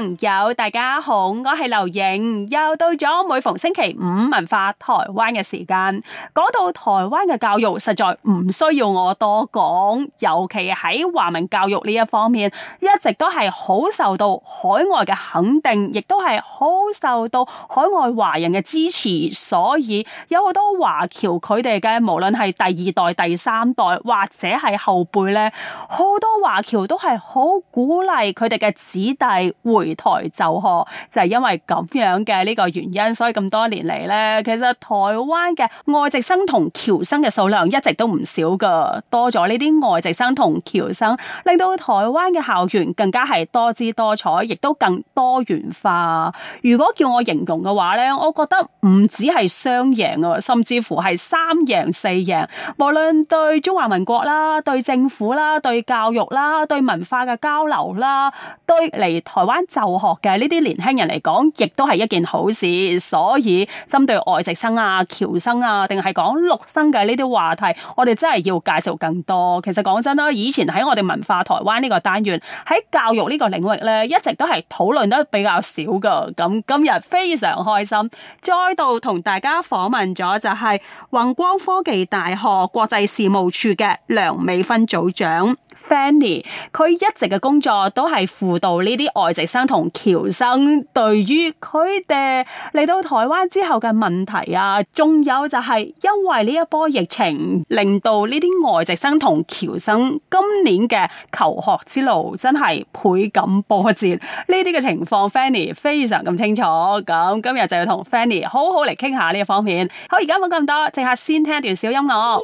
朋友，大家好，我係劉瑩，又到咗每逢星期五文化台灣嘅時間。講到台灣嘅教育，實在唔需要我多講，尤其喺華文教育呢一方面，一直都係好受到海外嘅肯定，亦都係好受到海外華人嘅支持。所以有好多華僑，佢哋嘅無論係第二代、第三代或者係後輩咧，好多華僑都係好鼓勵佢哋嘅子弟回。台就學就係因為咁樣嘅呢個原因，所以咁多年嚟咧，其實台灣嘅外籍生同僑生嘅數量一直都唔少噶，多咗呢啲外籍生同僑生，令到台灣嘅校園更加係多姿多彩，亦都更多元化。如果叫我形容嘅話咧，我覺得唔止係雙贏啊，甚至乎係三贏四贏。無論對中華民國啦、對政府啦、對教育啦、對文化嘅交流啦，對嚟台灣就學嘅呢啲年輕人嚟講，亦都係一件好事。所以針對外籍生啊、僑生啊，定係講陸生嘅呢啲話題，我哋真係要介紹更多。其實講真啦，以前喺我哋文化台灣呢個單元，喺教育呢個領域呢，一直都係討論得比較少噶。咁今日非常開心，再度同大家訪問咗就係宏光科技大學國際事務處嘅梁美芬組長。Fanny，佢一直嘅工作都係輔導呢啲外籍生同僑生，對於佢哋嚟到台灣之後嘅問題啊，仲有就係因為呢一波疫情，令到呢啲外籍生同僑生今年嘅求學之路真係倍感波折。呢啲嘅情況，Fanny 非常咁清楚。咁今日就要同 Fanny 好好嚟傾下呢一方面。好，而家冇咁多，即刻先聽一段小音樂。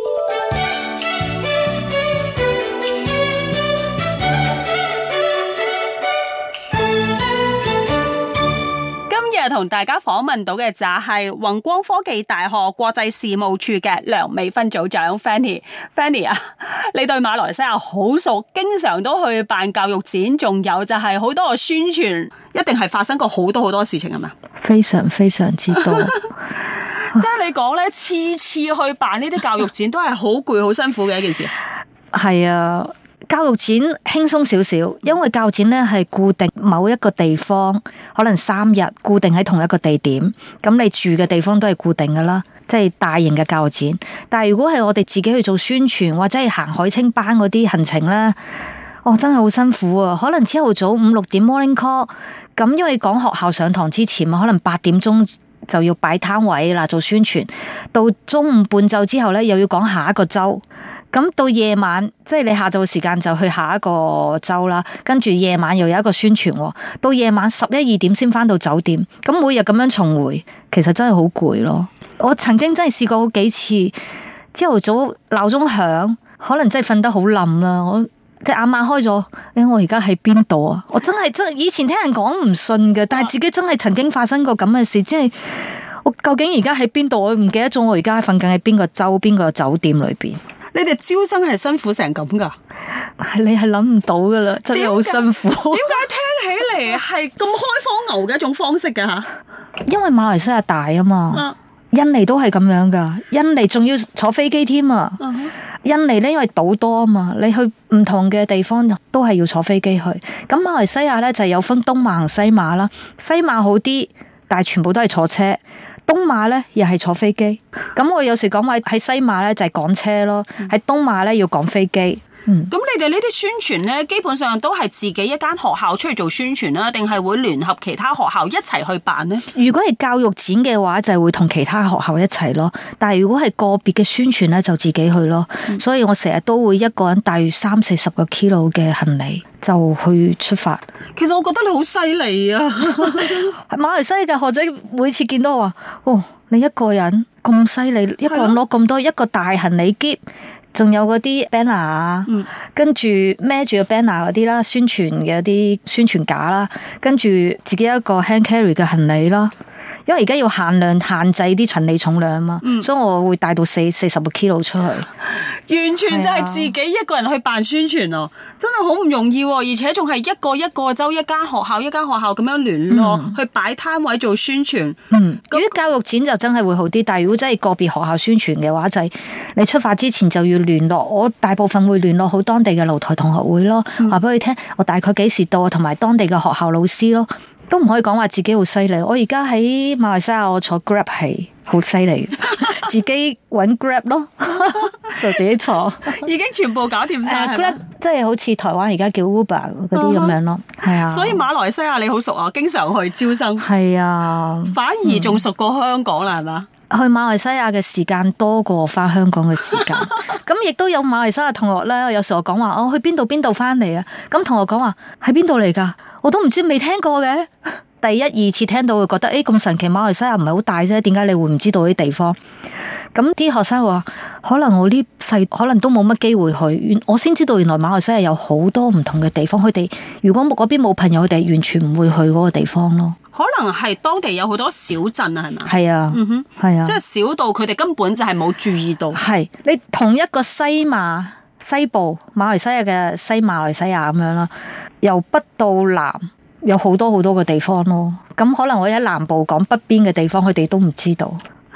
同大家訪問到嘅，就係宏光科技大學國際事務處嘅梁美芬組長 Fanny，Fanny 啊，anny， 你對馬來西亞好熟，經常都去辦教育展，仲有就係好多個宣傳，一定係發生過好多好多事情係嘛？非常非常之多。得 你講咧，次次去辦呢啲教育展 都係好攰好辛苦嘅一件事。係啊。教育展輕鬆少少，因為教展咧係固定某一個地方，可能三日固定喺同一個地點，咁你住嘅地方都係固定噶啦，即係大型嘅教育展。但係如果係我哋自己去做宣傳或者係行海青班嗰啲行程咧，我、哦、真係好辛苦啊！可能朝頭早五六點 morning call，咁因為講學校上堂之前啊，可能八點鐘就要擺攤位啦，做宣傳，到中午半晝之後咧又要講下一個周。咁到夜晚，即係你下晝時間就去下一個州啦，跟住夜晚又有一個宣傳，到夜晚十一二點先翻到酒店。咁每日咁樣重回，其實真係好攰咯。我曾經真係試過好幾次，朝頭早鬧鐘響，可能真係瞓得好冧啦。我即係啱眼開咗，哎，我而家喺邊度啊？我真係真係，以前聽人講唔信嘅，但係自己真係曾經發生過咁嘅事，即係我究竟而家喺邊度？我唔記得咗，我而家瞓緊喺邊個州、邊個酒店裏邊。你哋招生係辛苦成咁噶？你係諗唔到噶啦，真係好辛苦。點解聽起嚟係咁開荒牛嘅，一種方式噶吓？ 因為馬來西亞大啊嘛，印尼都係咁樣噶，印尼仲要坐飛機添啊！Uh huh. 印尼咧因為島多啊嘛，你去唔同嘅地方都係要坐飛機去。咁馬來西亞咧就有分東馬、西馬啦，西馬好啲，但係全部都係坐車。東馬咧又係坐飛機，咁我有時講話喺西馬咧就係趕車咯，喺、嗯、東馬咧要趕飛機。嗯，咁你哋呢啲宣傳咧，基本上都係自己一間學校出去做宣傳啦、啊，定係會聯合其他學校一齊去辦呢？如果係教育展嘅話，就會同其他學校一齊咯，但係如果係個別嘅宣傳咧，就自己去咯。所以我成日都會一個人帶三四十個 kilo 嘅行李。就去出發。其實我覺得你好犀利啊！係 馬來西亞學者每次見到我話：哇、哦，你一個人咁犀利，啊、一個人攞咁多一個大行李篋，仲有嗰啲 banner 啊、嗯，跟住孭住個 banner 嗰啲啦，宣傳嘅啲宣傳架啦，跟住自己一個 hand carry 嘅行李啦。」因為而家要限量，限制啲行李重量啊嘛，嗯、所以我會帶到四四十個 kilo 出去。完全就係自己一個人去辦宣傳咯、啊，啊、真係好唔容易喎、啊！而且仲係一個一個周，一間學校一間學校咁樣聯絡，嗯、去擺攤位做宣傳。嗯，咁那教育展就真係會好啲，但係如果真係個別學校宣傳嘅話，就係、是、你出發之前就要聯絡。我大部分會聯絡好當地嘅露台同學會咯，話俾佢聽我大概幾時到啊，同埋當地嘅學校老師咯。都唔可以講話自己好犀利，我而家喺馬來西亞我坐 Grab 係好犀利，自己搵 Grab 咯， 就自己坐， 已經全部搞掂晒。Uh, 嗎 Grab 即係好似台灣而家叫 Uber 嗰啲咁樣咯，係、uh huh. 啊。所以馬來西亞你好熟啊，經常去招生，係啊，反而仲熟過香港啦，係嘛、嗯？吧去馬來西亞嘅時間多過翻香港嘅時間，咁亦 都有馬來西亞同學咧。有時候講話，我、oh, 去邊度邊度翻嚟啊？咁同學講話喺邊度嚟噶？我都唔知未聽過嘅，第一二次聽到會覺得誒咁、欸、神奇。馬來西亞唔係好大啫，點解你會唔知道啲地方？咁啲學生話，可能我呢世可能都冇乜機會去。我先知道原來馬來西亞有好多唔同嘅地方。佢哋如果冇嗰邊冇朋友，佢哋完全唔會去嗰個地方咯。可能係當地有好多小鎮啊，係咪、嗯哼？係啊，哼，係啊，即係小到佢哋根本就係冇注意到。係你同一個西馬。西部馬來西亞嘅西馬來西亞咁樣啦，由北到南有好多好多嘅地方咯。咁可能我喺南部講北邊嘅地方，佢哋都唔知道。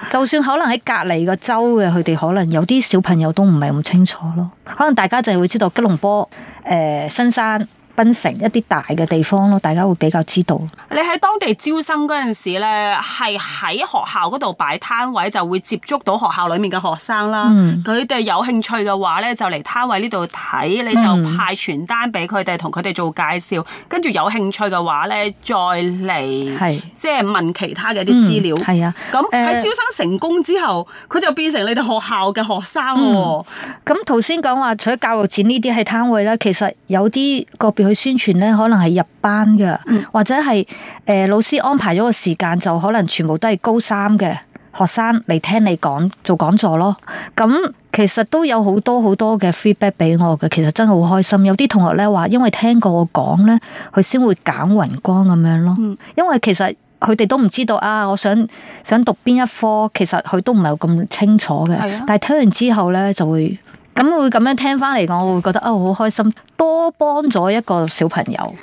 就算可能喺隔籬個州嘅，佢哋可能有啲小朋友都唔係咁清楚咯。可能大家就係會知道吉隆坡、誒、呃、新山。新城一啲大嘅地方咯，大家會比較知道。你喺當地招生嗰陣時咧，係喺學校嗰度擺攤位，就會接觸到學校裏面嘅學生啦。佢哋、嗯、有興趣嘅話咧，就嚟攤位呢度睇，你就派傳單俾佢哋，同佢哋做介紹。跟住、嗯、有興趣嘅話咧，再嚟係即係問其他嘅啲資料。係、嗯、啊，咁喺招生成功之後，佢、欸、就變成你哋學校嘅學生。咯、嗯。咁頭先講話除咗教育展呢啲係攤位咧，其實有啲個別。佢宣傳咧，可能係入班噶，嗯、或者係誒、呃、老師安排咗個時間，就可能全部都係高三嘅學生嚟聽你講做講座咯。咁其實都有好多好多嘅 feedback 俾我嘅，其實真係好開心。有啲同學咧話，因為聽過我講咧，佢先會揀雲光咁樣咯。嗯、因為其實佢哋都唔知道啊，我想想讀邊一科，其實佢都唔係有咁清楚嘅。是啊、但係聽完之後咧，就會。咁會咁樣聽翻嚟講，我會覺得啊，好，哦、開心，多幫咗一個小朋友。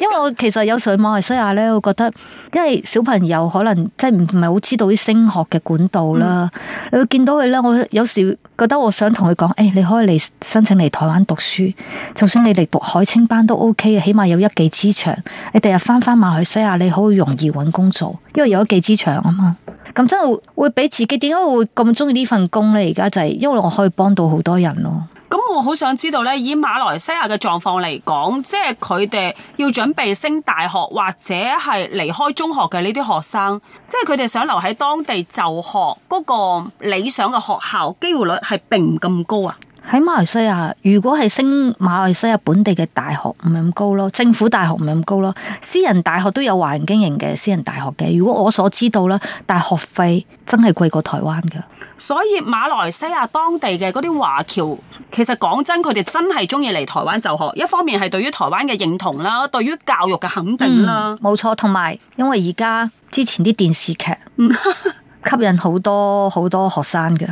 因為我其實有時去馬來西亞咧，我覺得，因為小朋友可能即係唔係好知道啲升學嘅管道啦。你會、嗯、見到佢咧，我有時覺得我想同佢講，誒、哎，你可以嚟申請嚟台灣讀書，就算你嚟讀海青班都 O、OK, K 起碼有一技之長。你第日翻翻馬來西亞，你好容易揾工做，因為有一技之長啊嘛。咁真係會俾自己點解會咁中意呢份工呢？而家就係因為我可以幫到好多人咯。咁我好想知道呢，以馬來西亞嘅狀況嚟講，即係佢哋要準備升大學或者係離開中學嘅呢啲學生，即係佢哋想留喺當地就學嗰個理想嘅學校，機會率係並唔咁高啊。喺馬來西亞，如果係升馬來西亞本地嘅大學，唔係咁高咯；政府大學唔係咁高咯，私人大學都有華人經營嘅私人大學嘅。如果我所知道啦，但係學費真係貴過台灣噶。所以馬來西亞當地嘅嗰啲華僑，其實講真，佢哋真係中意嚟台灣就學。一方面係對於台灣嘅認同啦，對於教育嘅肯定啦，冇錯、嗯。同埋因為而家之前啲電視劇。 吸引好多好多學生嘅，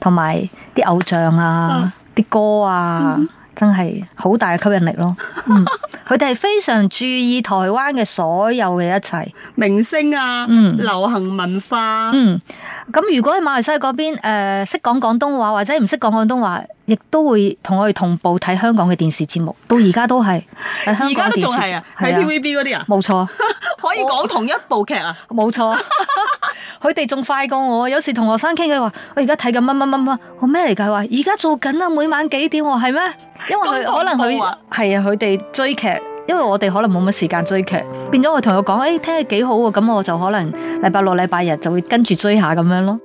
同埋啲偶像啊，啲、啊、歌啊，真係好大嘅吸引力咯。佢哋係非常注意台灣嘅所有嘅一切，明星啊，嗯、流行文化。嗯，咁如果喺馬來西亞嗰邊，誒識講廣東話或者唔識講廣東話。亦都會同我哋同步睇香港嘅電視節目，到而家都係而家都仲係啊，睇 TVB 嗰啲啊，冇錯，錯 可以講同一部劇啊，冇錯我。佢哋仲快過我，有時同學生傾嘅話，我而家睇緊乜乜乜乜，我咩嚟㗎？話而家做緊啊，每晚幾點？我係咩？因為佢、啊、可能佢係啊，佢哋追劇，因為我哋可能冇乜時間追劇，變咗我同佢講，哎，聽日幾好喎，咁我就可能禮拜六、禮拜日就，就會跟住追下咁樣咯。.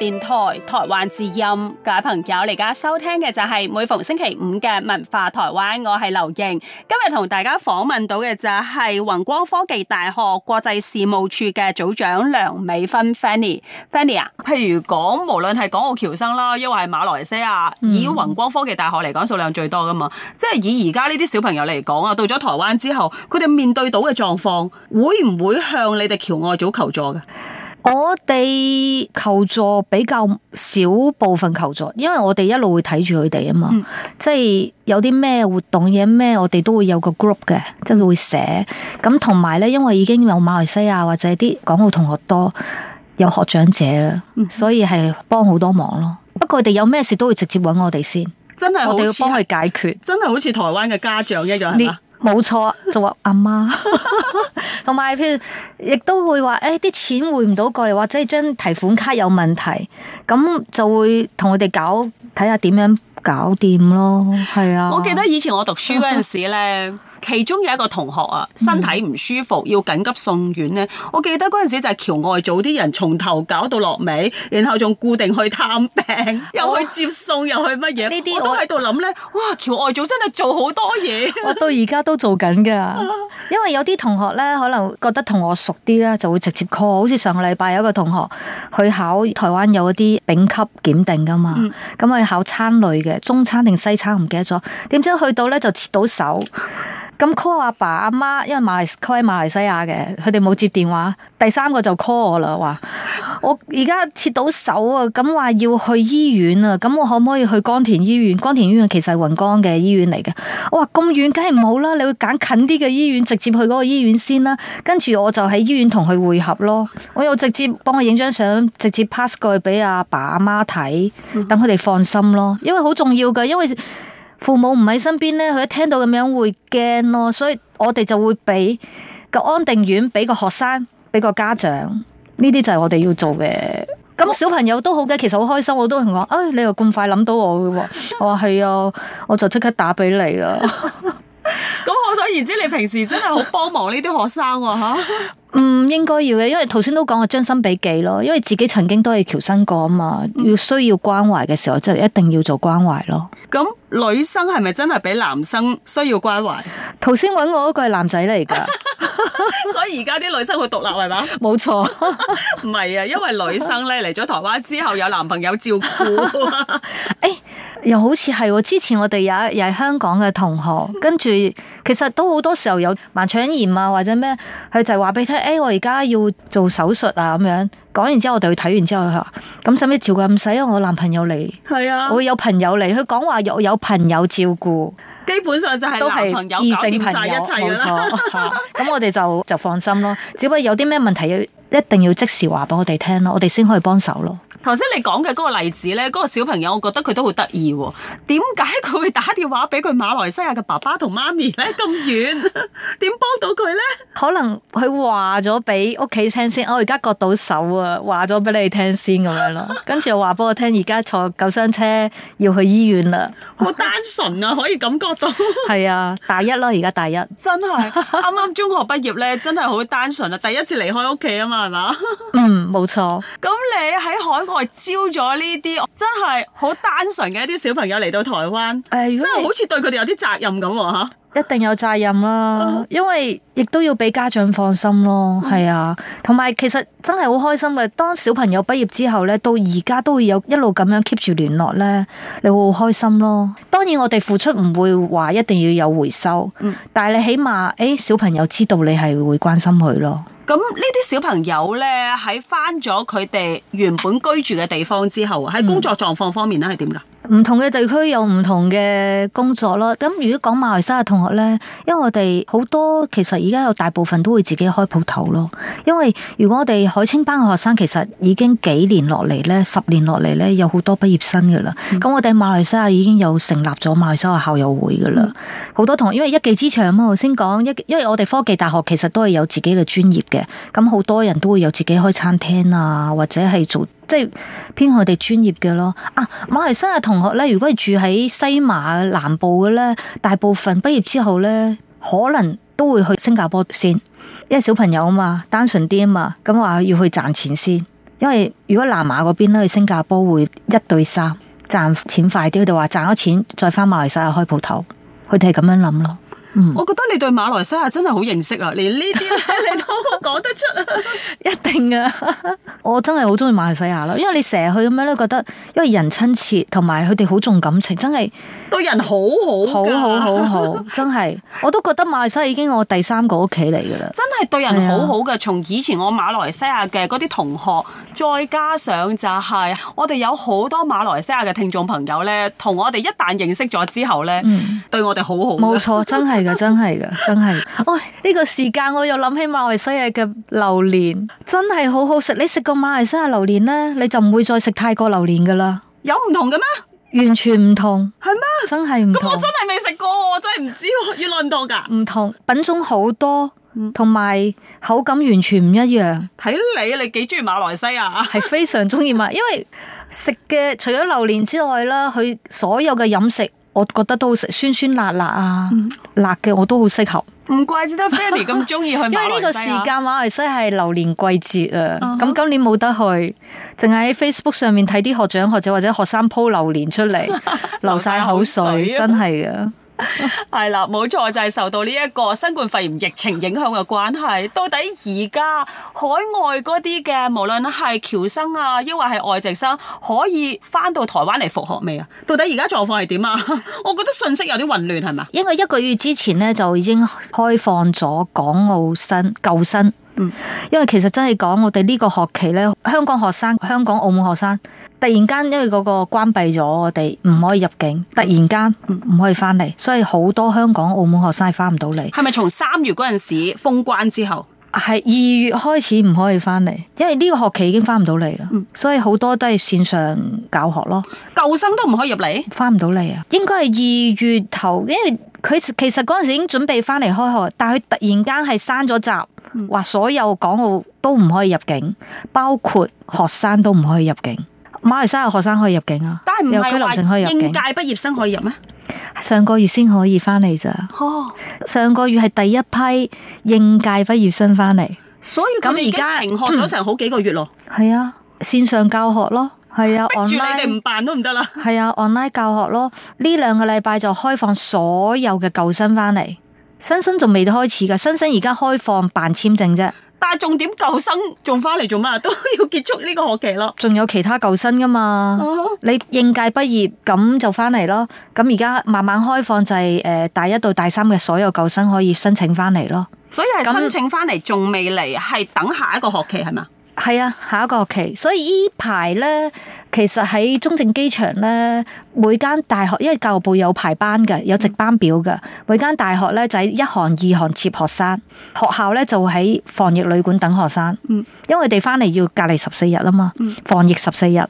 電台台灣之音，各位朋友，而家收聽嘅就係每逢星期五嘅文化台灣，我係劉瑩。今日同大家訪問到嘅就係宏光科技大學國際事務處嘅組長梁美芬 Fanny，Fanny 啊，譬如講無論係港澳僑生啦，抑或係馬來西亞，嗯、以宏光科技大學嚟講數量最多噶嘛，即係以而家呢啲小朋友嚟講啊，到咗台灣之後，佢哋面對到嘅狀況，會唔會向你哋僑外組求助嘅？我哋求助比較少部分求助，因為我哋一路會睇住佢哋啊嘛，嗯、即係有啲咩活動嘢咩，我哋都會有個 group 嘅，即係會寫。咁同埋咧，因為已經有馬來西亞或者啲港澳同學多，有學長姐啦，嗯、所以係幫好多忙咯。不過佢哋有咩事都會直接揾我哋先，真係我哋要幫佢解決，真係好似台灣嘅家長一樣你冇錯，就話阿媽，同埋 譬如亦都會話，誒、哎，啲錢匯唔到過嚟，或者係張提款卡有問題，咁就會同我哋搞睇下點樣。搞掂咯，係啊！我記得以前我讀書嗰陣時咧， 其中有一個同學啊，身體唔舒服、嗯、要緊急送院咧。我記得嗰陣時就係僑外組啲人從頭搞到落尾，然後仲固定去探病，又去接送，哇又去乜嘢？呢啲我，我都喺度諗咧。哇！僑外組真係做好多嘢。 我到而家都在做緊噶，因為有啲同學咧，可能覺得同我熟啲咧，就會直接 call。好似上個禮拜有一個同學去考台灣有一啲丙級檢定噶嘛，咁啊、嗯、考餐類嘅。中餐定西餐唔記得咗，點知去到呢就切到手。咁 call 阿爸阿媽，因為馬嚟 call 喺馬來西亞嘅，佢哋冇接電話。第三個就 call 我啦，話我而家切到手啊，咁話要去醫院啊，咁我可唔可以去江田醫院？江田醫院其實係雲江嘅醫院嚟嘅。我話咁遠，梗係唔好啦，你會揀近啲嘅醫院，直接去嗰個醫院先啦。跟住我就喺醫院同佢會合咯。我又直接幫佢影張相，直接 pass 過去俾阿爸阿媽睇，等佢哋放心咯。因為好重要嘅，因為。父母唔喺身邊咧，佢一聽到咁樣會驚咯，所以我哋就會俾個安定院，俾個學生，俾個家長，呢啲就係我哋要做嘅。咁小朋友都好嘅，其實好開心，我都係話，唉、哎，你又咁快諗到我嘅喎，我話係啊，我就即刻打俾你啦。 咁可想而知， 你平時真係好幫忙呢啲學生啊吓？啊嗯，應該要嘅，因為頭先都講過，將心比己咯，因為自己曾經都係僑生過啊嘛，要需要關懷嘅時候，真係一定要做關懷咯。咁、嗯、女生係咪真係比男生需要關懷？頭先揾我嗰個係男仔嚟噶， 所以而家啲女生會獨立係嘛？冇錯，唔係啊，因為女生呢嚟咗台灣之後有男朋友照顧。 哎又好似係喎，之前我哋也又係香港嘅同學， 跟住其實都好多時候有盲腸炎啊，或者咩，佢就話俾佢聽，誒、欸，我而家要做手術啊，咁樣講完之後，我哋去睇完之後，佢話咁，使唔使照顧咁使？因為、啊、我男朋友嚟，係啊，我有朋友嚟，佢講話有有朋友照顧，基本上就係都係異性朋友，冇 錯。咁我哋就就放心咯，只不過有啲咩問題要一定要即時話俾我哋聽咯，我哋先可以幫手咯。頭先你講嘅嗰個例子呢，嗰、嗰個小朋友，我覺得佢都好得意喎。點解佢會打電話俾佢馬來西亞嘅爸爸同媽咪呢？咁遠，點幫到佢呢？可能佢話咗俾屋企聽先， 我而家割到手啊，話咗俾你聽先咁樣咯。跟住又話俾我聽，而家坐救傷車要去醫院啦。好單純啊，可以感覺到。係 啊，大一啦，而家大一，真係啱啱中學畢業呢，真係好單純啊。第一次離開屋企啊嘛，係嘛？嗯，冇錯。咁你喺海？我招咗呢啲真係好單純嘅一啲小朋友嚟到台灣，誒、哎，真係好似對佢哋有啲責任咁吓、啊，一定有責任啦、啊，啊、因為亦都要俾家長放心咯，係、嗯、啊，同埋其實真係好開心嘅，當小朋友畢業之後呢，到而家都會有一路咁樣 keep 住聯絡呢，你會好開心咯。當然我哋付出唔會話一定要有回收，嗯、但係你起碼誒、哎、小朋友知道你係會關心佢咯。咁呢啲小朋友咧喺返咗佢哋原本居住嘅地方之後，喺工作狀況方面咧係點㗎？唔同嘅地區有唔同嘅工作咯。咁如果講馬來西亞同學呢？因為我哋好多其實而家有大部分都會自己開鋪頭咯。因為如果我哋海青班嘅學生，其實已經幾年落嚟呢，十年落嚟呢，有好多畢業生噶啦。咁我哋馬來西亞已經有成立咗馬來西亞校友會噶啦。好、嗯、多同學因為一技之長嘛，我先講一，因為我哋科技大學其實都係有自己嘅專業嘅。咁好多人都會有自己開餐廳啊，或者係做。即係偏向我哋專業嘅咯。啊，馬來西亞同學咧，如果係住喺西馬南部嘅咧，大部分畢業之後咧，可能都會去新加坡先，因為小朋友啊嘛，單純啲啊嘛，咁話要去賺錢先。因為如果南馬嗰邊咧，去新加坡會一對三，賺錢快啲。佢哋話賺咗錢再返馬來西亞開鋪頭，佢哋係咁樣諗咯。Mm. 我覺得你對馬來西亞真係好認識啊，連呢啲咧你都講得出啊， 一定啊的！ 我真係好中意馬來西亞囉，因為你成日去咁樣咧，覺得因為人親切，同埋佢哋好重感情，真係對人好好，好好好好， 真係我都覺得馬來西亞已經我第三個屋企嚟噶啦。真係對人好好嘅。從、啊、以前我馬來西亞嘅嗰啲同學，再加上就係我哋有好多馬來西亞嘅聽眾朋友咧，同我哋一旦認識咗之後咧，mm. 對我哋好好，冇錯， 真係。係真係噶，真係。喂，呢、哎，這個時間我又諗起馬來西亞嘅榴蓮，真係好好食。你食過馬來西亞榴蓮呢，你就唔會再食泰國榴蓮噶啦。有唔同嘅咩？完全唔同，係咩 嗎？真係唔同。咁 我真係未食過，我真係唔知喎。原來唔同噶，唔同品種好多，同埋口感完全唔一樣。睇你，你幾中意馬來西亞？係 非常中意馬，因為食嘅除咗榴蓮之外啦，佢所有嘅飲食。我覺得都好食，酸酸辣辣啊，辣嘅我都好適合。唔怪之得 Fanny 咁中意去馬來西亞，因為呢個時間 馬來西亞係榴蓮季節啊。咁、嗯、哼今年冇得去，淨係喺 Facebook 上面睇啲學長學者或者學生 po 榴蓮出嚟， 流晒口水，真係啊！係啦，冇錯 就係、是、受到呢一個新冠肺炎疫情影響嘅關係。到底而家海外嗰啲嘅，無論係僑生啊，抑或係外籍生，可以翻到台灣嚟復學未啊？到底而家狀況係點啊？我覺得信息有啲混亂，係咪？因為一個月之前呢，就已經開放咗港澳新舊生，嗯，因為其實真係講我哋呢個學期呢，香港學生、香港澳門學生。突然間，因為嗰個關閉咗，我哋唔可以入境。突然間唔可以翻嚟，所以好多香港、澳門學生係翻唔到嚟。係咪從三月嗰陣時封關之後？係二月開始唔可以翻嚟，因為呢個學期已經翻唔到嚟啦。所以好多都係線上教學咯。舊生都唔可以入嚟，翻唔到嚟啊？應該係二月頭，因為佢其實嗰陣時已經準備翻嚟開學，但係佢突然間係閂咗閘，話所有港澳都唔可以入境，包括學生都唔可以入境。馬來西亞學生可以入境啊？又係有居留證可以入境？入境應屆畢業生可以入咩？上個月先可以翻嚟咋？哦，上個月係第一批應屆畢業生翻嚟，所以咁而家停學咗成好幾個月咯。係、嗯、啊，線上教學咯。係啊，online 你哋唔辦都唔得啦。係啊，online 教學咯。呢兩個禮拜就開放所有嘅舊生翻嚟，新生仲未開始噶。新生而家開放辦簽證啫。但重點僑生仲翻嚟做乜啊？都要結束呢個學期咯。仲有其他僑生噶嘛？Oh. 你應屆畢業咁就翻嚟咯。咁而家慢慢開放就係、是、誒、呃、大一到大三嘅所有僑生可以申請翻嚟咯。所以係申請翻嚟仲未嚟，係那等下一個學期係咪？係啊，下一個學期。所以呢排咧，其實喺中正機場咧。每間大學因為教育部有排班嘅，有值班表嘅。嗯、每間大學咧就喺一行二行接學生，學校咧就喺防疫旅館等學生。嗯、因為佢哋翻嚟要隔離十四日啊嘛，嗯、防疫十四日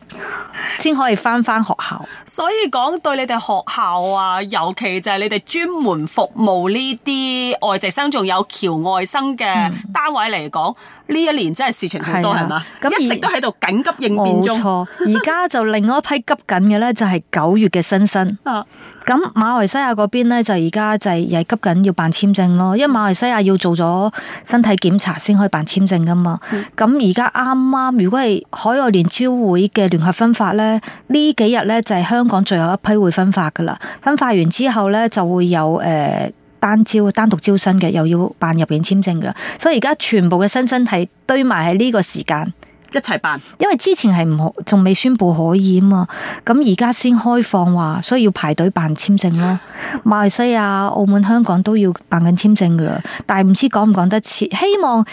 先可以翻翻學校。所以講對你哋學校啊，尤其就係你哋專門服務呢啲外籍生仲有僑外生嘅單位嚟講，呢、嗯、一年真係事情好多係嘛、啊？咁、嗯啊、一直都喺度緊急應變中。錯，而家就另外一批急緊嘅咧就係九。九月嘅新生，咁、嗯、馬來西亞嗰邊咧就而家就係又係急緊要辦簽證咯，因為馬來西亞要做咗身體檢查先可以辦簽證噶嘛。咁而家啱啱如果係海外聯招會嘅聯合分發咧，幾呢幾日咧就係、是、香港最後一批會分發噶啦。分發完之後咧就會有誒、呃、單招單獨招生嘅，又要辦入境簽證噶啦。所以而家全部嘅新生係堆埋喺呢個時間。一齊辦，因為之前係唔可，仲未宣布可以啊嘛，咁而家先開放話，所以要排隊辦簽證咯。馬來西亞、澳門、香港都要辦緊簽證噶，但係唔知講唔講得切，希望誒、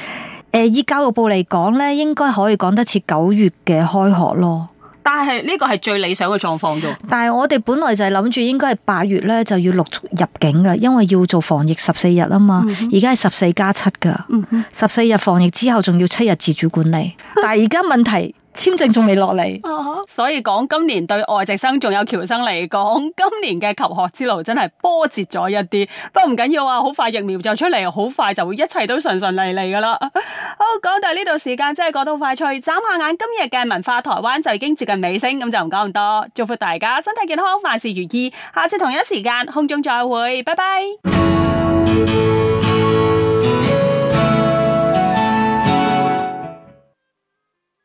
呃、以教育部嚟講咧，應該可以講得切九月嘅開學咯。但係呢個係最理想嘅狀況啫。但係我哋本來就係諗住應該係八月咧就要陸續入境噶，因為要做防疫十四日啊嘛。而家係十四加七噶，十四日防疫之後仲要七日自主管理。但係而家問題。 簽證仲未落嚟，所以講今年對外籍生仲有僑生嚟講，今年嘅求學之路真係波折咗一啲。不過唔緊要啊，好快疫苗就出嚟，好快就會一切都順順利利噶啦。 好，講到呢度，時間真係過得好快脆，眨下眼今日嘅文化台灣就已經接近尾聲，咁就唔講咁多。祝福大家身體健康，萬事如意。下次同一時間空中再會，拜拜。